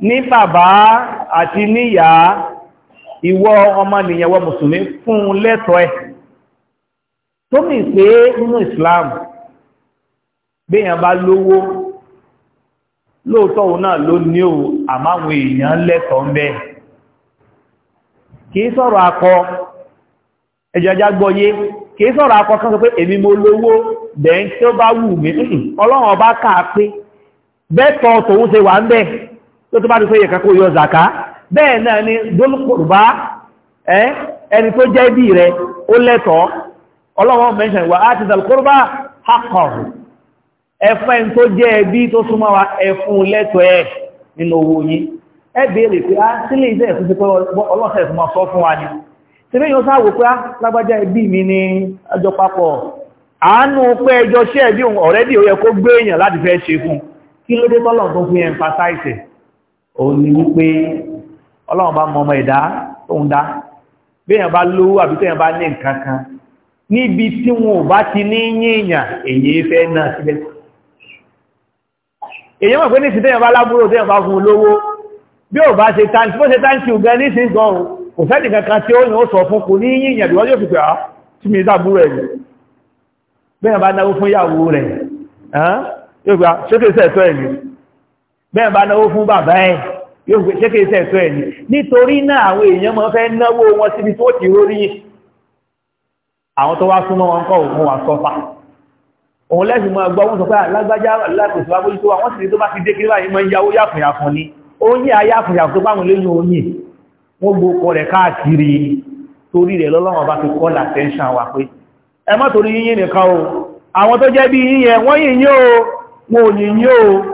ní bàbá àti níyà ìwọ ọmọnìyàn wọ mùsùlùmí fún lẹ́tọ̀ọ́ ẹ̀ tó mì pé nínú Islam béèyàn bá lówó lóòótọ́ òun náà ló ní o àmáwọn èèyàn lẹ́tọ̀ọ́ ń bẹ kìí sọ̀rọ̀ akọ ẹjọjá gbọ́yé kìí sọ̀rọ̀ akọ kan sọ pé èmi mo lówó bẹ̀ẹ́ tí ó bá wù mí ọlọ́run ọba káà pé bẹ́tọ̀ tòun ṣe wà ń bẹ́ẹ̀ tó tó bá ti fẹ́yẹ̀ kakó yọ zaka bẹ́ẹ̀ náà ni dólùkùrùbá ẹni tó jẹ́ bí rẹ̀ ó wà tó jẹ́ bí tó ẹfún lẹ́tọ̀ ẹ̀ nínú owó ẹ pé ah, á sọ fún wa ni tẹ́lẹ̀ pé á ah, lágbájá ẹbí mi ní ọjọ́ papọ̀ àánú pé ẹjọ́ ẹbí ọ̀rẹ́dì ó yẹ kó gbé èèyàn òun ni wípé ọlọ́run bá mọ ọmọ ẹ̀dá tóun dá béèyàn bá lówó àbí téèyàn bá ní nǹkan kan níbi tí wọn ò bá ti ní yíyàn èyí fẹ́ náà síbẹ̀ èyí mọ̀ pé ní ìsìtéyàn bá lábúrò téèyàn bá fún olówó bí ò bá ṣe táǹtì bó ṣe táǹtì ò gan nísìn gan o kò fẹ́ nìkan kan tí ó yàn ó sọ fún kò ní yíyàn bí wọ́n yóò fi pè á tí mi bẹ́ẹ̀ bá náwó fún bàbá ẹ̀ yóò gbé ṣé kìí sẹ̀tọ́ ẹ̀ ní nítorí náà àwọn èèyàn máa fẹ́ náwó wọn síbi tó ti rórí àwọn tó wá súnmọ́ wọn kọ́ òun wà sọ́fà òun lẹ́sìn mọ́ ẹgbọ́ wọn sọ pé alágbájá ah, láti òṣùwà bójú tó wà wọ́n sì ní tó bá ti dé kí báyìí mọ́ yáwó yàfùnyàfùn ni ó ń yà yàfùnyàfùn tó báwọn lẹ́yìn oyin wọ́n gbókọ rẹ̀ káàkiri torí rẹ̀ lọ́lọ́wọ́n bá fi kọ́ làtẹ́ńṣà wà pé ẹ má torí yíyìn nìkan o àwọn tó jẹ́ bí yíyẹn wọ́n yìnyín o wọn ò yìnyín o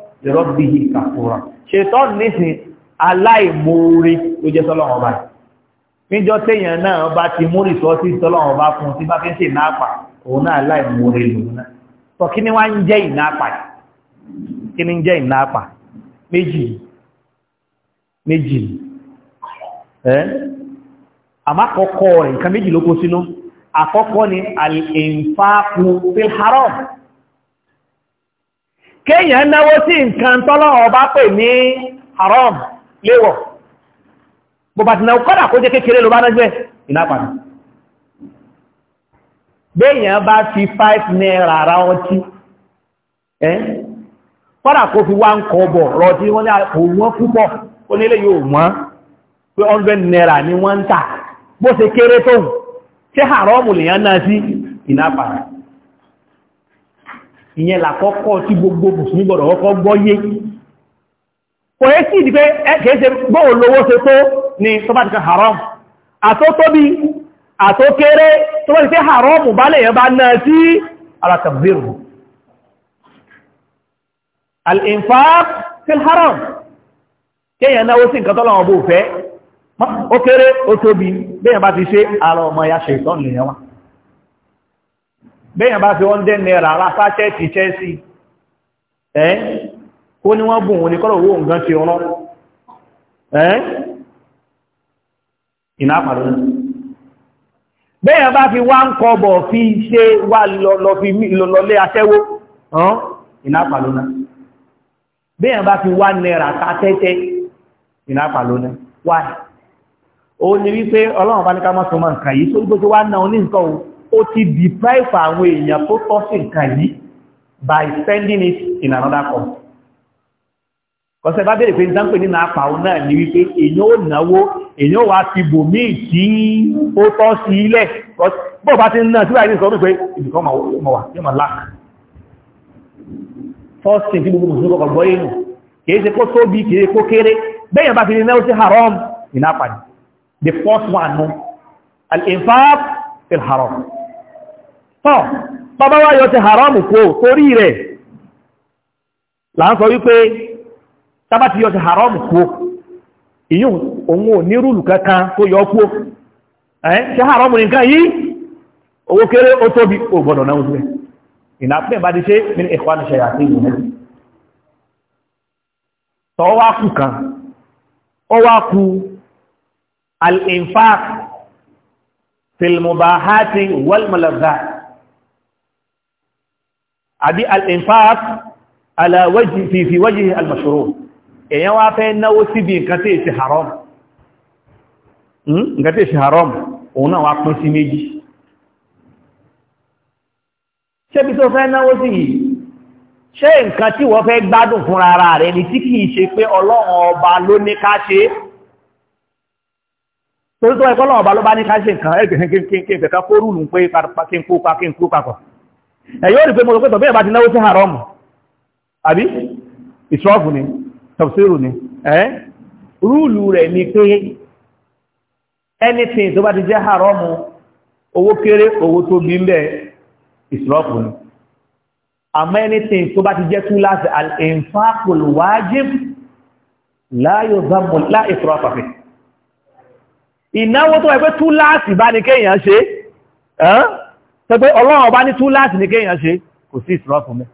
lẹ́rọ́bìhì kàfúrà ṣetán nísìn aláìmoore ló jẹ́ sọ́lọ́run ọba níjọ́ téèyàn náà bá ti mú rìsọ́ọ̀tì sọ́lọ́run ọba fún tí bá fi ń ṣe ìnáàpà òun náà aláìmoore lòun náà sọ kí ni wá ń jẹ́ ìnáàpà kí ni ń jẹ́ ìnáàpà méjì méjì ẹ́ àmàkọ́kọ́ rẹ̀ ni al-infaqu fil haram kéèyàn náwó sí nǹkan tọ́lọ́wọ́ bá pè ní haram léwọ̀ bụ kọ́dà kó jẹ́ kékeré ló bá nájẹ́ ìlápàdà béèyàn bá fi 5 naira ara ọtí ẹ́ kọ́dà kó fi wá ń kọ́bọ̀ rọtí wọ́n ní ah, púpọ̀ ó nílé yóò mọ́ ìyẹn làkọ́kọ́ tí gbogbo mùsùlùmí gbọ́dọ̀ kọ́kọ́ gbọ́yé kò yẹ sí ìdí pé ẹkẹ́ ṣe gbọ́wò lówó ṣe tó ní sọ́bàtíkà haram àtótóbi àtókéré sọ́bàtíkà haram bá lè yẹn bá náà sí alatabiru al-infaq haram kéèyàn náwó sí nǹkan tọ́lọ́wọ́ bó fẹ́ ó kéré ó tóbi bẹ́yàn bá ti ṣe àrọ̀ ọmọ ya ṣe ìtọ́nù lèyàn bẹ́yìn bá fi wọ́n dẹ́ naira ra Chelsea ẹ́ kó ní wọ́n bùn òní kọ́lọ̀ owó ǹgan ti ọ̀rọ̀ ẹ́ ìná àpàdé Bẹ́yìn bá fi wá ń kọbọ̀ fi ṣe wà lọlé aṣẹ́wó ìná àpàdé bá fi wá naira ó ní wípé ọlọ́run bá ní ká mọ́ nǹkan yìí ó ti deprive àwọn èèyàn tó tọ́ sí nǹkan yìí by spending it in another country kọsẹ̀ bá bèèrè pé ní dáńpé nínú àpàwọn náà ní wípé èyàn ò náwó èyàn wà ti bò mí tí ó tọ́ sí ilẹ̀ bọ́ bá ti ń náà tí wà ní sọ wípé ìdìkan mọ̀ wà yóò mọ̀ láàkì first thing tí gbogbo mùsùlùmí kọkọ̀ gbọ́ yìí kìí ṣe kó tóbi kìí kó kéré bẹ́yàn bá ti ní náà sí the first one no al-infaq fil haram tọ́ bàbá wá yọ ti haramu kó torí rẹ̀ là sọ wípé tábà ti yọ ti haramu kó ìyún òun ò ní rúlù kankan tó yọ kó ẹ́ ṣe haramu nìkan yìí owó kéré ó tóbi na gbọ́dọ̀ náà sílẹ̀ bá di ṣe ní ẹ̀kọ́ àti ìwọ̀n fil àbí al-infaq ala wajhi fi fi wajhi al-mashru' èyàn wá fẹ́ náwó síbi nǹkan tí èsì haram hmm? nǹkan tí èsì haram òun náà wá pín sí méjì ṣébi tó fẹ́ náwó sí yìí ṣé nǹkan tí wọ́n fẹ́ gbádùn fún ara rẹ̀ ni tí kìí ṣe pé ọlọ́run ọba ló ní ká ṣe ẹ̀yọ́ rí pé mo sọ pé tọ̀bí ẹ̀bá ti náwó sí haram àbí ìṣọ́fù ni tọ̀síìrù ni ẹ́ rúùlù rẹ̀ ni pé anything tó bá ti jẹ́ haram owó kéré owó tó bí ń bẹ ìṣọ́fù ni àmọ́ anything tó bá ti jẹ́ tún láti al-infaqul wajib la yuzammu la israfa fi ìnáwó tó wà pé tún láti bá ní kéèyàn ṣe ẹ́ pé ọlọ́run ọba ní túláàsì ní kéèyàn ṣe kò sí ìsìnrọ́ fún mi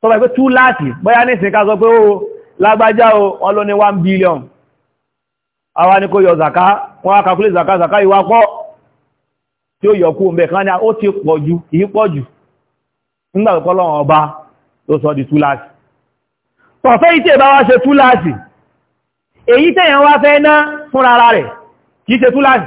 tọ́bà pé túláàsì bóyá ní ìsìnká sọ pé ó lágbájá o wọ́n ló ní 1 billion àwa ni kó yọ zaka wọ́n á kàkúlé zaka zaka ìwà pọ̀ tí ó yọ kú ń bẹ̀ kan ní ó ti pọ̀ ju ìyí pọ̀ jù nígbà pé ọlọ́run ọba ló sọ di túláàsì tọ̀fẹ́ ìtẹ́ ìbá wá ṣe túláàsì èyí tẹ̀yàn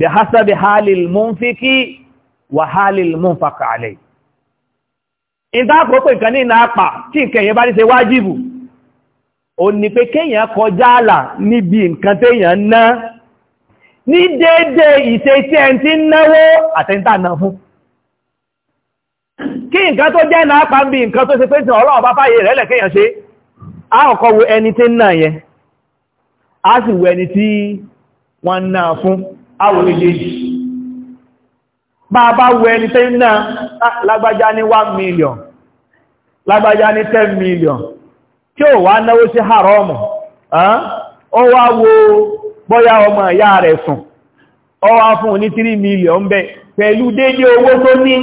bihasabi halil munfiki wa المنفق عليه alẹ́ ìdáàkópò ìkan ní ìnáàpà tí ìkẹyẹ bá ní ṣe wájìbù ò ní pé kéèyàn kọjá àlà níbi nǹkan téèyàn ná ní déédé ìṣe tí ẹn tí ń náwó àtẹ́ntà náà fún kí nǹkan tó jẹ́ náà pa bí nǹkan tó ṣe pé tí ọlọ́run bá fàyè rẹ̀ lẹ̀kẹ́yàn ṣe a kọ́kọ́ wo ẹni tí ń a sì wo ẹni tí wọ́n náà àwọn méjèèjì bá bá wọ ẹni tẹ́ náà lágbájá ní 1 million lágbájá ní 10 million kí o wá náwó sí haramu ó wá wo bọ́yá ọmọ ìyá rẹ̀ sùn ó wá fún ní 3 million bẹ́ pẹ̀lú dédé owó tó ní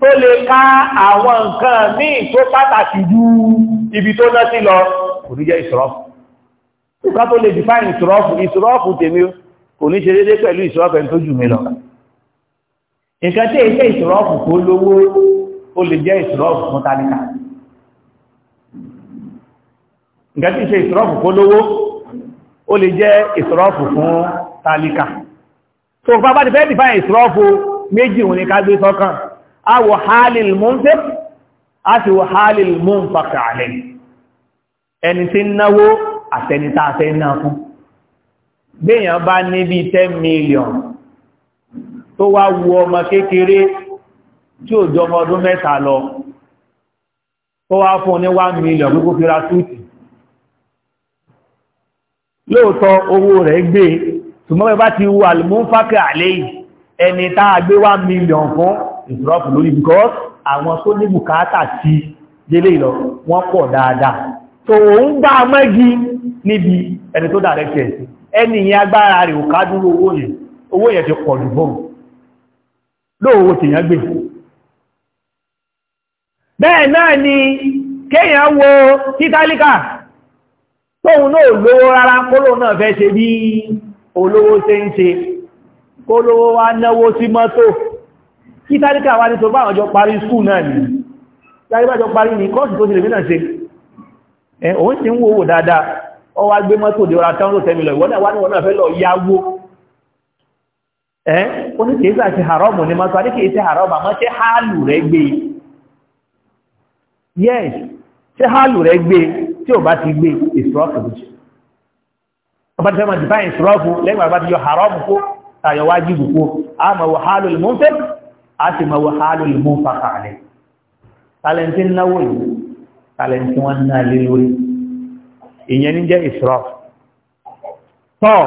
tó lè ká àwọn nǹkan míì tó pàtàkì ju ibi tó ná sí lọ kò ní kò ní ṣe dédé pẹ̀lú ìṣọ́ọ̀fẹ́ tó jù mí lọ nǹkan tí èyí ìṣọ́ọ̀fù tó lówó ó lè jẹ́ ìṣọ́ọ̀fù fún tálíkà nǹkan tí ìṣe ìṣọ́ọ̀fù tó lówó ó lè jẹ́ ìṣọ́ọ̀fù fún tálíkà tó fún abá ti fẹ́ dìfà ìṣọ́ọ̀fù méjì òní ká gbé sọ́kàn a wò gbéyàn bá níbi 10 million tó wá wu ọmọ kékeré tí ò jọ ọmọ ọdún mẹ́ta lọ tó wá fún ní 1 million gbogbo fi ra tútì lóòótọ́ owó rẹ̀ gbé ṣùgbọ́n bá ti wu alìmúnfàkì àlẹ́ ẹni tá a gbé 1 million fún ìsọ́pù lórí because àwọn tó ní bùkátà ti délé lọ wọ́n pọ̀ dáadáa so òun gbá mẹ́gi níbi ẹni tó dàrẹ́kẹ̀ẹ́ ẹni yẹn agbára rẹ̀ òká dúró owó yẹn owó yẹn ti pọ̀ jù bọ́ọ̀ lóòwò tèèyàn gbé bẹ́ẹ̀ náà ni kéèyàn wo títálíkà tóun náà lówó rárá kóló náà fẹ́ ṣe bí olówó ṣe ń ṣe kólówó wá náwó sí mọ́tò títálíkà wá ní tó bá àjọ parí skúù náà ni láríbájọ parí ní kọ́ọ̀sì tó ṣe lè mí náà ṣe òun ti ń wo dáadáa ọ wá gbé mọ́tò dé ọ̀rà tán ló tẹ́mi lọ ìwọ́n náà wá ní wọ́n náà fẹ́ lọ yáwó ẹ́ ó ní kìí sàti haramu bá ti yọ haramu kó tàyọ̀ wá kó a máa wọ mú fẹ́ a sì máa wọ mú fàkàlẹ̀ tàlẹ́ntì náwó yìí tàlẹ́ntì wọn náà lé lórí ìyẹn ní jẹ́ israf tọ́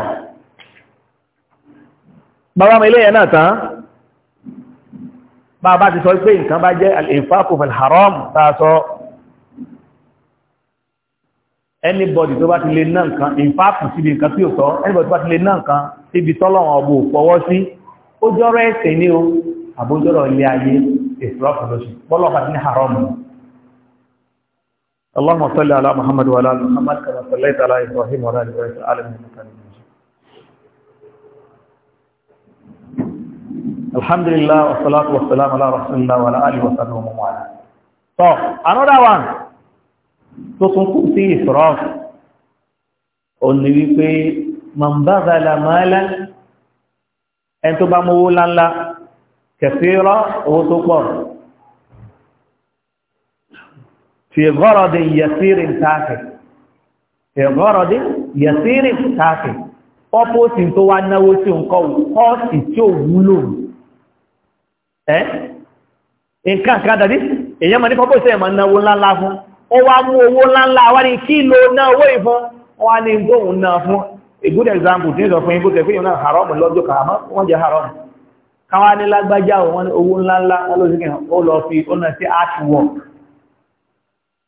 bàbá mi ilé yẹn náà tán bàbá ti sọ pé nǹkan bá jẹ́ al-infaqu fil haram tààsọ anybody tó bá ti lè ná nǹkan ìfàkù síbi nǹkan tí ó sọ anybody tó bá ti lè ná nǹkan síbi tọ́lọ̀wọ̀n ọgbò pọ̀wọ́ sí ó jọ́rọ̀ ẹ̀sẹ̀ ní o àbójọ́rọ̀ ilé ayé ìfìrọ́fìlọ́sì pọ́lọ́pàá ní haram اللهم صل على محمد وعلى ال محمد كما صليت على ابراهيم وعلى ال ابراهيم الحمد لله والصلاه والسلام على رسول الله وعلى اله وصحبه ومن والاه so another one tó tún kù sí israf ó ní wí pé man badala malan en tó bá mówó lanla kaseera owó tó pọ̀ في غرض يسير تافه في غرض يسير تافه opposite tó wá náwó tí ń kọ́ kọ́ọ̀sì tí ó wúlò ẹ́ nǹkan kan dàbí èyàn mọ̀ ní pọ́pọ́ ìṣẹ́ ìmọ̀ náwó ńláńlá fún ó wá mú owó ńláńlá wá ní kí ló náwó ìfún wá ní gbóhùn náà fún a good example Haram ó sọ fún ibú tẹ̀fẹ́ ìrìnà haram lọ́jọ́ kàámọ́ wọ́n jẹ́ haram káwá ní lágbájá owó ńláńlá lọ́lọ́sí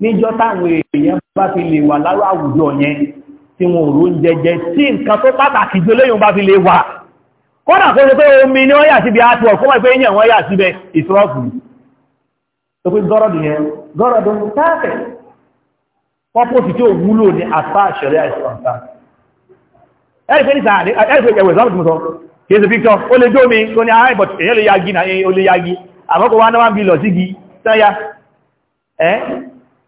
níjọ́ táwọn èèyàn bá fi lè wà lára àwùjọ yẹn tí wọn ò rún jẹjẹ tí nǹkan tó pàtàkì jù lẹ́yìn bá fi lè wà kọ́nà kó ṣe pé omi ni wọ́n yà síbi àtúwọ̀ fún wọ́n pé yẹn wọ́n yà síbẹ̀ ìtúrọ́fù tó pé gọ́rọ̀dù yẹn gọ́rọ̀dù táàfẹ̀ pọ́pọ́sì tí ó wúlò ní àfá àṣẹrẹ àìsànta ẹ̀rìfẹ́ ní sàárẹ̀ ẹ̀rìfẹ́ ẹ̀wẹ̀ ìsànà tuntun kìí ṣe píktọ̀ ó lè dó mi kó ní àárẹ̀ bọ̀t èyẹ́ lè yagi àmọ́kọ̀ wá náwà bí lọ sí gi sáyá ẹ́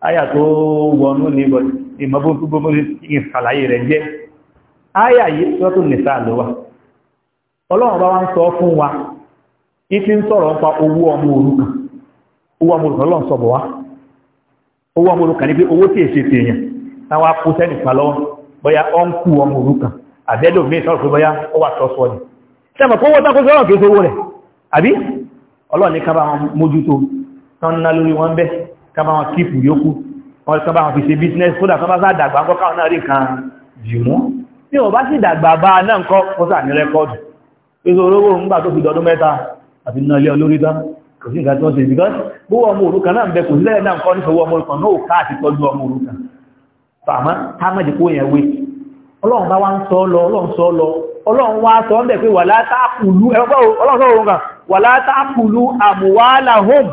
aya tó wọnú ní ìmọ̀bó tó gbogbo ìsàlàyé rẹ̀ jẹ́ àyà yìí sọ́tún nìta ló wà ọlọ́run bá wá sọ fún wa ìfi ń sọ̀rọ̀ owu owó ọmọ òrukàn owó ọmọ òrukàn lọ́n sọ̀bọ̀ wá owó ọmọ ní pé owó tí tèèyàn táwa kú kú ọmọ àbẹ́lò sọ̀rọ̀ pé ó wà kábà wọn kíìpù yókù wọ́n kábà wọn fi ṣe business kódà kábà sá dàgbà ńkọ́ káwọn náà rí kan dìmú tí wọ́n bá sì dàgbà bá náà ńkọ́ kó sà ní rẹ́kọ́ọ̀dù pẹ̀lú olówó ńgbà tó fi dọdún mẹ́ta àti náà ilé olórí tán kò sí nǹkan tí ṣe bí gán ọlọ́run wá sọ lọ pé wà látàkùlú ẹgbẹ́ ọlọ́run sọ òrukàn wà látàkùlú àmúwálà home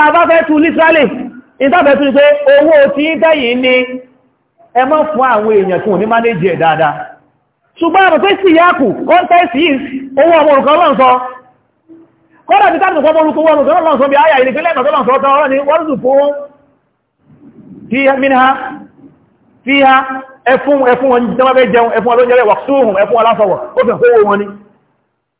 tàbá fẹ́ tú literally ìtàbẹ̀ tún pé owó tí ń tẹ́yìn ní ẹ má fún àwọn èèyàn tún ní manage ẹ̀ dáadáa ṣùgbọ́n àmì pé sí yáàkù contest is owó ọmọ òrùkan lọ́n sọ kọ́dà bí tàbí ọmọ òrùkan wọn òrùkan lọ́n sọ bí ayà ìrìnkí lẹ́nà tó lọ́n sọ tán ọ̀rọ̀ ni wọ́n rùn fún fi ha ẹfún ẹfún wọn jẹ́ wọ́n fẹ́ jẹun ẹfún ọlọ́jẹ́rẹ́ wà sóhùn ẹfún ọlásọwọ̀ ó fẹ́ kówó wọn ni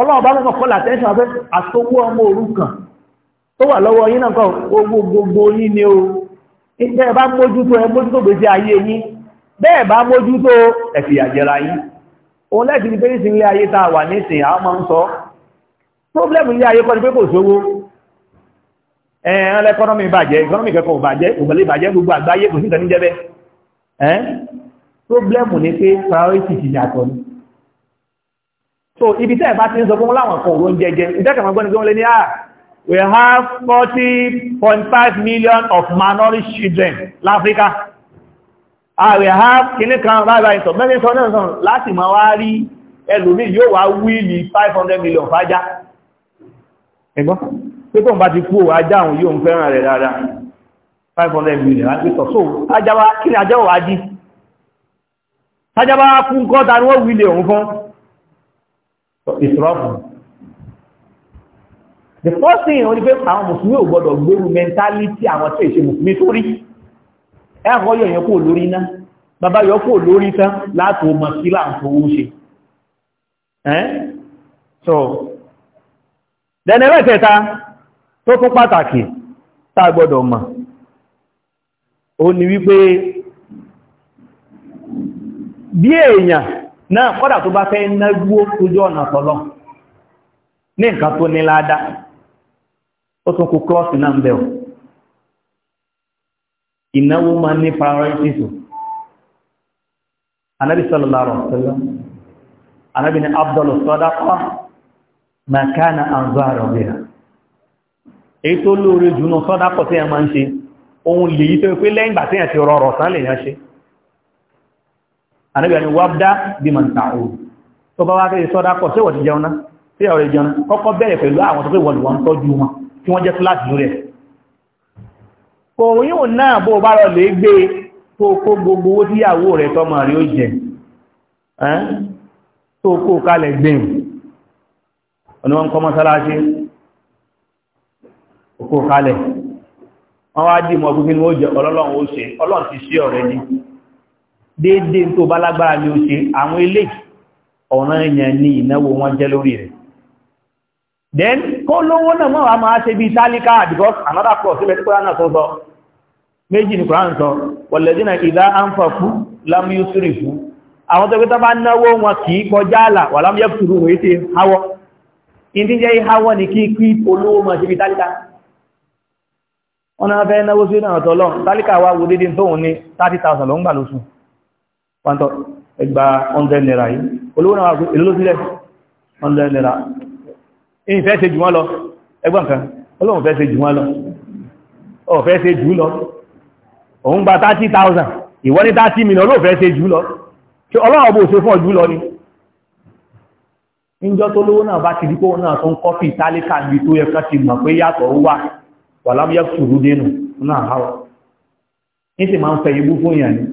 ọlọ́run bá mọ̀ kọ́ làtẹ́ṣọ́ afẹ́ àtọwọ́ ọmọ òrukàn tó wà lọ́wọ́ yín náà kọ́ owó gbogbo yín ni o bẹ́ẹ̀ bá mójútó ẹ mójútó gbèsè ayé yín bẹ́ẹ̀ bá mójútó ẹ̀fìyàjẹra yín òun lẹ́ẹ̀kì ní pẹ́lú ilé ayé tá a wà nísìn àwọn máa ń sọ pọ́blẹ́mù ilé ayé kọ́ ni pé kò sówó ẹ̀ẹ́n ẹkọ́nọ́mì bàjẹ́ ẹkọ́nọ́mì so ibi tẹ́ bá ti ń sọ fún láwọn kan òun jẹjẹ ìjẹ́kàmọ́ gbọ́nà gbọ́nà lé ní àà ah, we have 40.5 million of malnourished children láfíríkà ah we have kìnnì kan rára ìsọ̀ mẹ́rin sọ náà sàn láti ma wá rí ẹlòmí yóò wá wíìlì 500 million fájá ẹgbọ́n pé tó ń bá ti kú ò ajá òun yóò ń fẹ́ràn rẹ̀ dáadáa 500 million lápítọ̀ so ajáwá kí ni ajáwá wá jí ajáwá fún kọ́ta ni wọ́n wílẹ̀ òun fún ìtọ́fù the first thing wọ́n ni pé àwọn mùsùlùmí ò gbọ́dọ̀ gbérù mentality àwọn tí èṣe mùsùlùmí tó rí ẹ̀kọ́ yọ̀yọ̀ kò lórí iná bàbá yọ kò lórí tán láti ọmọ sí láàfowó ṣe so then, dẹ̀nẹ̀rẹ́ tẹta tó tún pàtàkì tá a gbọ́dọ̀ mọ̀ ó ní wípé bí èèyàn náà kọ́dà tó bá fẹ́ náwó ojú ọ̀nà tọ́lọ́ ní nǹkan tó ní láadá ó tún kó kírọ́ọ̀sì náà ń bẹ̀ ọ́ ìnáwó máa ní priorities o anábì sallallahu alaihi wasallam anábì ní abdul sadaqa ma kana anzara biha èyí tó lóore àníbẹ̀ ni wábdá bí ma ń ta òun tó bá wá fẹ́ sọ́dá pọ̀ síwọ̀ ti jẹun náà sí ọ̀rẹ́ jẹun kọ́kọ́ bẹ̀rẹ̀ pẹ̀lú àwọn tó pé wọ́n wọ́n tọ́jú wọn tí wọ́n jẹ́ fúláàtì lórí ẹ̀ kò yíò náà bó bá rọ̀ lè gbé e, tó kó gbogbo owó tí ìyàwó rẹ̀ tọmọ rí ó jẹ tó kó kalẹ̀ gbìn e. ọ̀nà wọn kọ́ mọ́sálásí kó kalẹ̀ wọ́n wá dì mọ́ gbogbo ní ó jẹ ọlọ́lọ́run ó ti ṣe ọ̀rẹ́ ni déédé tó bá lágbára ni ó ṣe àwọn ilé ọ̀ràn èèyàn ní ìnáwó wọn jẹ́ lórí rẹ̀ then kó lówó náà mọ́ wà máa ṣe bí tálíkà because another cross ilẹ̀ tí kúrò náà sọ́sọ́ méjì ní kúrò sọ wọ̀lẹ̀dínà ìdá àǹfàkú lámúyúsùrìfú àwọn tó gbẹ́ta bá náwó wọn kì í kọjá àlà wà lámúyẹ́sùrù wọ́n ètè hawọ́ ìdí jẹ́ ìhawọ́ ní kí kí olówó mọ̀ sí bí tálíkà wọ́n náà fẹ́ náwó sí ìrìnàtọ́lọ́ tálíkà wá wo dédé tóun ní 30,000 ló ń gbà lóṣù wọ́ntọ́ ẹgbà 100 naira yìí olówó náà èlò sílẹ̀ 100 naira in fẹ́ ṣe jù wọ́n lọ ẹgbà nǹkan olóhun fẹ́ ṣe jù wọ́n lọ ọ fẹ́ ṣe jù lọ òun gba 30,000 ìwọ ní 30 million olóhun fẹ́ ṣe jù lọ ṣe ọlọ́run bó ṣe fún ọ jù lọ ni níjọ́ tó lówó náà bá ti di kóhun náà tó ń kọ́fì tálíkà níbi tó yẹ ká ti mọ̀ pé yàtọ̀ wà ni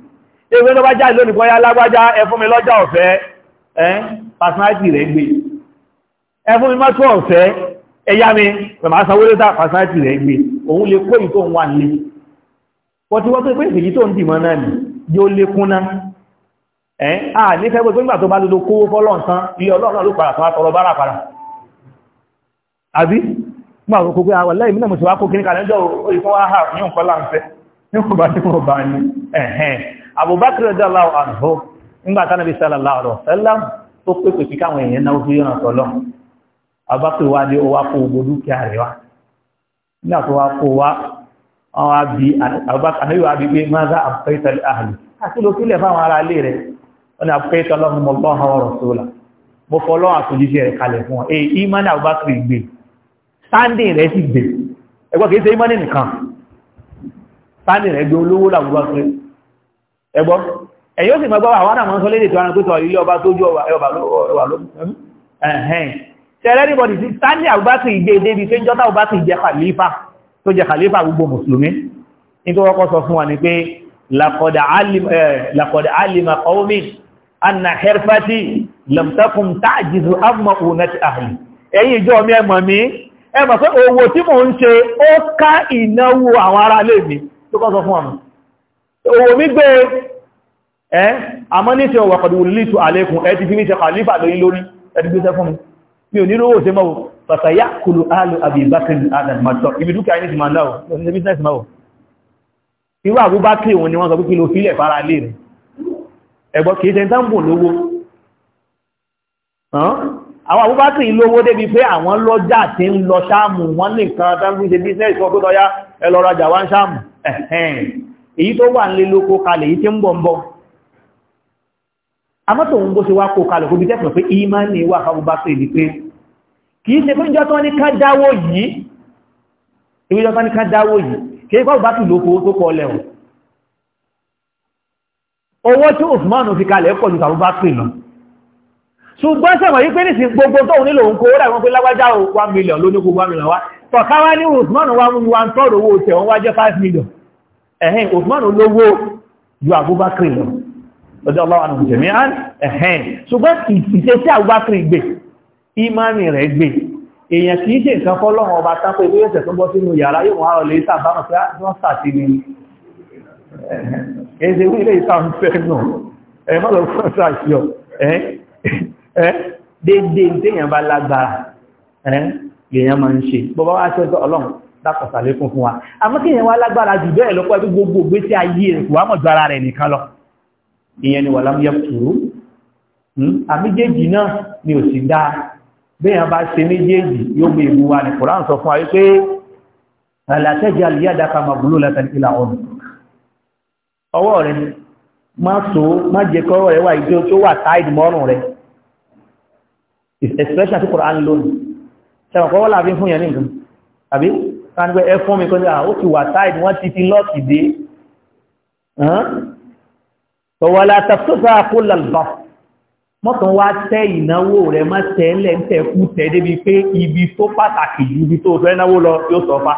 ewé ló bá jáde lónìí bọ́yá lágbájá ẹ fún mi lọ́jà ọ̀fẹ́ ẹ́ personality rẹ̀ gbé ẹ fún mi mọ́tò ọ̀fẹ́ ẹ̀yá mi pẹ̀mà sanwó lẹ́ta personality rẹ̀ gbé òun lè kó ìtò wà ní wọ́n ti wọ́n tó pé ìfèyí tó ń dìmọ́ náà nì yóò lékún náà ẹ́ à ní fẹ́ pé nígbà tó bá lólo kówó fọ́lọ́ǹtán ilé ọlọ́run ló padà tó wá tọrọ bára padà àbí nígbà tó kó pé àwọn lẹ́yìn mínà mo ti wá kó kíní kalẹ́jọ́ orí fún wá hà ní nǹkan láǹfẹ́ ní kò bá tí mo bá ní ẹ̀hẹ́n Abubakar radiyallahu anhu nígbà tí Ànábì sallallahu alaihi wasallam tó pèpè kí káwọn èèyàn náà fi yọ̀nà tọ́lọ́ Abubakar wá dé ó wá kó gbogbo dúkìá rẹ̀ wá nígbà tó wá kó wá àwọn àbí Abubakar àbí wà bí pé maza àfẹ́tẹ̀lẹ̀ ahli àti ló fílẹ̀ fáwọn ará ilé rẹ̀ wọ́n ni àfẹ́tẹ̀lẹ̀ ọmọ ọlọ́hàn ọ̀rọ̀ sólà mo fọlọ́ àtúnjíṣẹ́ rẹ̀ kalẹ̀ fún ọ ẹgbọ́ ẹ̀yọ́ sì mọ́gbọ́ àwọn àmọ́ sọ lédè tó ara pẹ́tọ̀ ilé ọba tó jọ ọba lóòrùn hmm? ẹ̀hẹ́n tẹ́lẹ́rìbọ̀dì sí tánì àgbàtì ìgbé débi pé jọta àgbàtì jẹ khalifa tó jẹ khalifa gbogbo mùsùlùmí nítorí wọ́n kọ́ sọ fún wa ní pé laqad alima qawmin anna hirfati lam takun ta'jizu amma unati ahli ẹ̀yin ìjọ mi ẹmọ̀ mi ẹmọ̀ pé owó tí mò ń ṣe ó ká ìnáwó àwọn ará lè mi tó kọ́ sọ fún wa owó mi gbé ẹ́ àmọ́ ní ṣe ọwà pẹ̀lú lítù àlékún ẹ ti fi ní ṣe kàlífà lórí lórí ẹ ti gbé sẹ́fún mi mi ò nílò òṣè mọ́ fàtàyà kùlù àlù àbìbákìrì àdàmàtọ̀ ibi dúkìá ní ti máa náà ní bísínẹ́sì máa irú àbúbákìrì òun ni wọ́n sọ pé kí lo fílẹ̀ fara lè rẹ̀ ẹ̀gbọ́ kìí ẹ̀hẹ́n èyí tó wà nílé lókó kalẹ̀ èyí tí ń bọ̀ ń bọ̀ amọ́tò ń bó ṣe wá kó kalẹ̀ kó bí tẹ́kùn pé ìmánì wà fáwọn bá pè ní pé kìí ṣe fún ìjọ tó ní ká dáwó yìí ìwéjọ tó ní ká dáwó yìí kìí fáwọn bá tù lókó tó kọ lẹ́wọ̀n owó tí Usman fi kalẹ̀ pọ̀ ju tàwọn bá pè lọ ṣùgbọ́n sẹ̀mọ̀ yí pé nìsí gbogbo tó nílò òun kó rà wọn pé lágbájá 1 million ló ní kó 1 million wá tọ̀káwá ní Usman wá mú 1 tọ́rọ owó tẹ̀wọ́n wá jẹ́ 5 million ẹ̀hìn Osman olówó ju Abubakar lọ ọjọ́ ọlọ́wà nù jẹ̀mí án ẹ̀hìn ṣùgbọ́n ìṣe sí Abubakar gbé ìmánì rẹ̀ gbé èèyàn kìí ṣe nǹkan fọ́lọ́wọ́ ọba tápẹ́ ilé ẹ̀sẹ̀ tó bọ́ sínú yàrá yóò ah, wọ́n àrọ̀ lè ni ẹ̀ẹ́sẹ̀ ilé ìsànfẹ́ náà ẹ̀mọ́lọ̀ fún ṣàṣíọ̀ ẹ́ dédé téèyàn bá lágbára ẹ́ lèèyàn máa ń ṣe bọ́bá wá dákọ̀sàlékún fún wa àmọ́ kí ìyẹn wá lágbára jù bẹ́ẹ̀ lọ́pọ̀ ẹgbẹ́ gbogbo gbé sí ayé ẹ̀kù wá mọ̀jú ara rẹ̀ nìkan lọ ìyẹn ni wà lámúyẹ́ tùrú hmm? àmíjèjì náà ni ò sì dá bẹ́ẹ̀ bá ṣe méjèèjì yóò gbé ìbú wa ní Kùránì sọ wa wípé àlàtẹ́jà àlìyàdàkà màbúlò expression tí Kùránì lónìí ṣẹ̀wọ̀n kọ́wọ́ láàbí fún yẹn nìkan àbí láti pé ẹ fún mi kọjá ó ti wà táìdì wọ́n ti fi lọ́ọ̀kì dé tọ̀wọ́ látàkùsà kó lálùbá mọ́tàn wá tẹ́ ìnáwó rẹ̀ má tẹ́lẹ̀ tẹ́kú tẹ́ débi pé ibi tó pàtàkì ju ibi tó fẹ́ náwó lọ yóò sọfá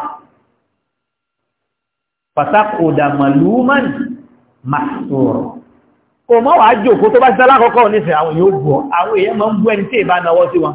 pàtàkùdà màlúmánì màṣọ́rọ̀ kò mọ́ wàá jòkó tó bá ti sálá kọ́kọ́ nísìn àwọn èèyàn bù àwọn èèyàn máa ń bú ẹni tí ìbá náwó sí wọn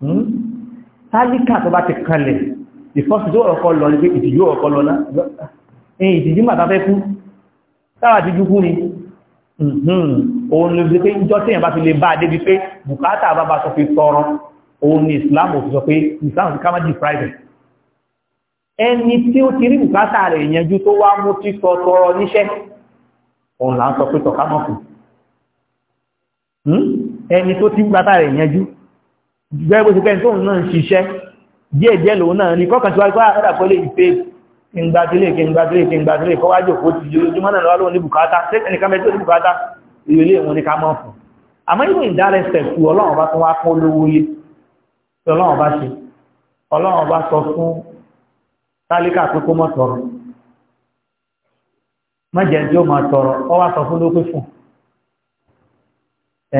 Hmm? tálíkà tó bá ti kanlẹ̀ ìfọ́sí tó ọ̀kọ́ lọ ní pé ìdí yóò ọ̀kọ́ lọ náà ẹ̀yìn eh, ìdí jímà tàbẹ́ kú táwà ti jùkú ni hmm. òun ló fi pé ìjọ tí ìyàmbá fi lè bá débi pé bùkátà bá bá sọ fi tọrọ òun ni Islam ò fi sọ pé Islam ti kámá di private ẹni tí ó ti rí bùkátà rẹ̀ ìyẹnjú tó wá mú tí sọ tọrọ níṣẹ́ òun là ń sọ pé tọ̀kámọ̀kù hmm? ẹni tó ti bùkátà rẹ̀ ìyẹnjú gbẹ́gbẹ́ ti pẹ́ntó náà ṣiṣẹ́ díẹ̀ díẹ̀ lòun náà ní kọ́kàn tí wá ah, kọ́ àkọ́dà kọ́ lè pé kíngbàtílé kíngbàtílé kíngbàtílé kọ́ wájò kó ti jẹ́ ojúmọ́ náà lọ́wọ́ ní bùkátà tẹ́kẹ̀ẹ́nìkan mẹ́tò ní bùkátà ilé wọn ni ká mọ́ fún àmọ́ ìwé ìdárẹsẹ̀ fún ọlọ́run bá tún wá kọ́ lówó yé ọlọ́run bá ṣe ọlọ́run bá sọ fún tálíkà pé kó mọ́ tọrọ mọ́jẹ̀ tí ó máa tọrọ ọ wá sọ fún ló pé fún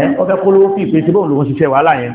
ẹ́ ọ fẹ́ kó lówó fi ìpèsè bóun lòun ṣiṣẹ́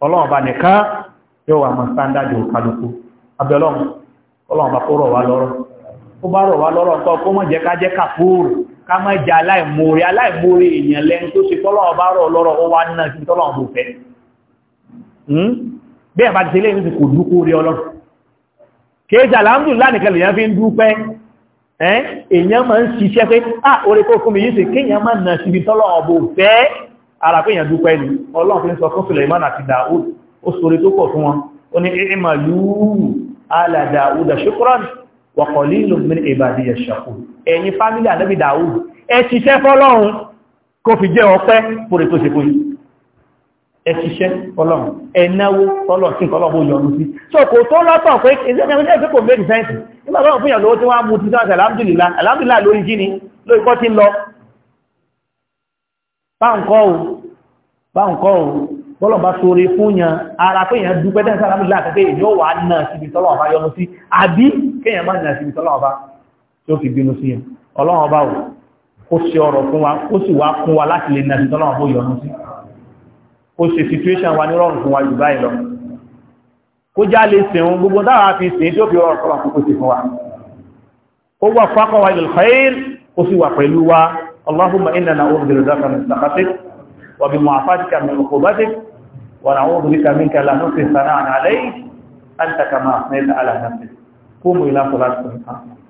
ọlọ́run bá nìkan yóò wà mọ̀ sáńdájò kálukú abẹ́lọ́run ọlọ́run bá kó rọ̀ wá lọ́rọ̀ ó bá rọ̀ wá lọ́rọ̀ nǹkan kó mọ̀ jẹ́ ká jẹ́ kàfóòrò ká mọ̀ jẹ́ aláìmoore aláìmoore èèyàn lẹ́nu tó ṣe tọ́lọ́run bá rọ̀ lọ́rọ̀ ó wá nínú sí tọ́lọ́run bò fẹ́ hmm? ah orí kó fún mi yìí sì kéèyàn máa ara pé èèyàn dúpẹ́ ni ọlọ́run fi ń sọ fún Suleiman àti Daud ó sọ̀rọ̀ tó pọ̀ fún wọn ó ní ìmọ̀ yúù ala Daud shukran wa qalilun min ibadiya shakur ẹ̀yin fámílì ànábì Daud ẹ ṣiṣẹ́ fọ́lọ́run kó fi jẹ́ ọpẹ́ fúre tó ṣe fún ẹ ṣiṣẹ́ fọ́lọ́run ẹ náwó fọ́lọ́run sí fọ́lọ́run yọ ọdún sí so kò tó lọ́tọ̀ pé ẹgbẹ́ kò mẹ́rin fẹ́ǹsì nígbà tó ń fún ìyàn lówó tí wọ́n á mú ti sọ́ọ̀sì báǹkọ́ o báǹkọ́ o bọ́lọ̀ bá sóre fún yàn ara pé èyàn dúpẹ́ tẹ́ sára mílá àti pé èyàn wà náà síbi tọ́lọ̀ ọba yọnu sí àbí kéèyàn má náà síbi tọ́lọ̀ ọba tí ó fi bínú sí yàn ọlọ́run ọba o kó ṣe ọ̀rọ̀ fún wa kó sì wá fún wa láti lè náà sí tọ́lọ̀ ọba yọnu sí kó ṣe situation wa nírọ̀rùn fún wa jù báyìí lọ kó já lè sẹ̀wọ̀n gbogbo dára fi sẹ̀ tí ó fi rọrùn tọ́lọ̀ kó sì fún wa ó wà fákọ̀ wa ìlú اللهم إنا نعوذ برضاك من سخطك وبمعافاتك من عقوبتك ونعوذ بك منك لا نحصي ثناء عليك أنت كما أثنيت على نفسك قوموا إلى صلاتكم الخاصة